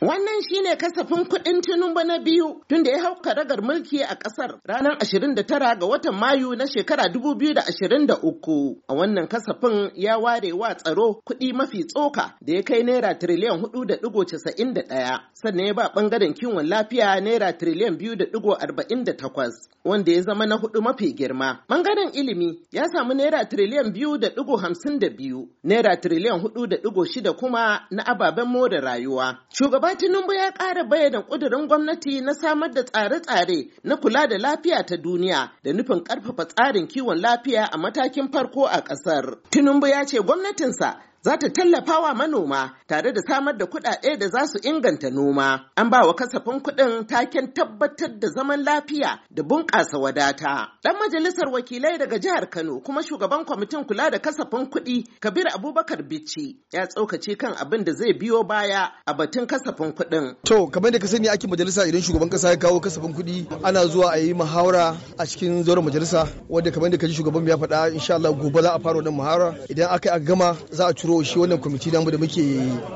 Wannan shine kasafin kuɗin Tinubu na biyu tun da ya hau karagar mulki a ƙasar ranar 29 ga watan Mayu na shekara 2023. A wannan kasafin ya ware wa tsaro kuɗi mafi tsoka da ya kai naira tiriliyan 4.91 sannan ya ba ɓangaren kiwon lafiya naira tiriliyan 2.48 wanda ya zama na hudu mafi girma. Ɓangaren ilimi ya samu naira tiriliyan 2.52 naira tiriliyan 4.6 kuma na ababen more rayuwa. Shugaban Baba Tinubu ya ƙara bayyana ƙudurin gwamnati na samar da tsare-tsare na kula da lafiya ta duniya da nufin ƙarfafa tsarin kiwon lafiya a matakin farko a ƙasar. Tinubu ya ce gwamnatinsa za ta tallafa wa manoma tare da samar da kuɗaɗe da za su inganta noma. An ba wa kasafin kuɗin taken tabbatar da zaman lafiya da bunƙasa wadata. Ɗan majalisar wakilai daga jihar Kano kuma shugaban kwamitin kula da kasafin kuɗi Kabir Abubakar Bichi ya tsokaci kan abin da zai biyo baya a batun kasafin kuɗin. To kamar da ka sani ake majalisa idan shugaban kasa ya kawo kasafin kuɗi ana zuwa a yi muhawara a cikin zauren majalisa wanda kamar da ka ji shugaban ya faɗa insha Allah gobe za a fara wannan muhawara idan aka yi a gama za a ciro shi wannan kwamiti namu da muke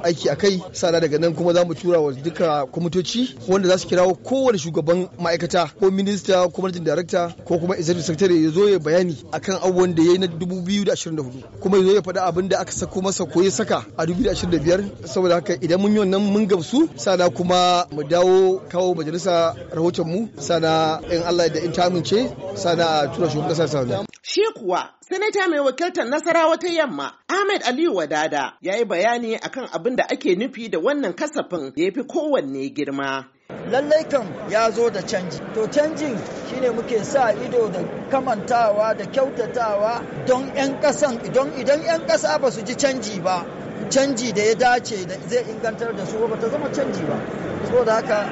aiki a kai sana daga nan kuma za mu tura wa duka kwamitoci wanda za su kirawo kowane shugaban ma'aikata ko minista ko manajin darakta ko kuma executive secretary ya zo ya bayani akan abubuwan da ya yi na 2024 kuma ya zo ya faɗi abin da aka sako masa ko ya saka a 2025 saboda haka idan mun yi wannan mun gamsu sana kuma mu dawo kawo majalisa rahoton mu sana in Allah da in ta amince sana a tura shugaban kasa sana Shi kuwa, Sanata mai wakiltar Nasarawa ta Yamma, Ahmed Aliyu Wadada, ya yi bayani akan abin da ake nufi da wannan kasafin da ya fi kowanne girma. Lallai kan ya zo da canji. To canjin shine muke sa ido da kamantawa da kyautatawa don 'yan kasan idan idan 'yan kasa ba su ji canji ba, canji da ya dace da zai ingantar da su ba ta zama canji ba. Saboda haka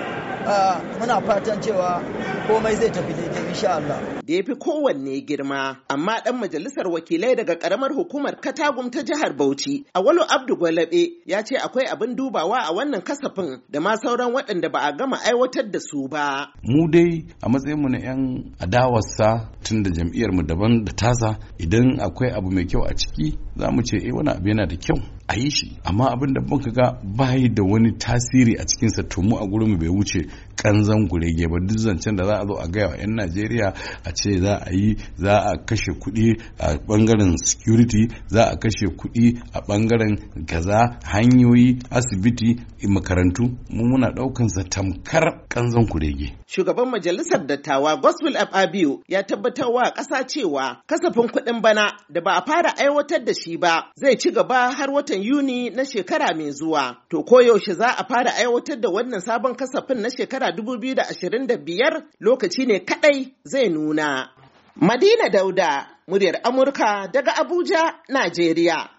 muna fatan cewa komai zai tafi daidai insha Allah. Da ya fi kowanne girma, amma ɗan majalisar wakilai daga ƙaramar hukumar Katagum ta jihar Bauchi, Awalu Abdu Gwalabe ya ce akwai abin dubawa a wannan kasafin da ma sauran waɗanda ba a gama aiwatar da su ba. Mu dai a matsayin mu na 'yan adawarsa tun da jam'iyyar mu daban da taza idan akwai abu mai kyau a ciki za mu ce eh wani abu yana da kyau a yi shi amma abin da muka ga bayi da wani tasiri a cikinsa to a gurin mu bai wuce kanzan gurege ba duk zancen da za a zo a gaya wa 'yan najeriya a ce za a yi za a kashe kuɗi a bangaren security za a kashe kuɗi a bangaren gaza hanyoyi asibiti makarantu mu muna ɗaukan tamkar kanzan kurege shugaban majalisar dattawa gospel abio ya tabbatar wa ƙasa cewa kasafin kuɗin bana da ba a fara aiwatar da shi ba zai ci gaba har watan yuni na shekara mai zuwa to koyaushe za a fara aiwatar da wannan sabon kasafin na shekara shekara 2025 lokaci ne kadai zai nuna. Madina Dauda, muryar Amurka daga Abuja, Najeriya.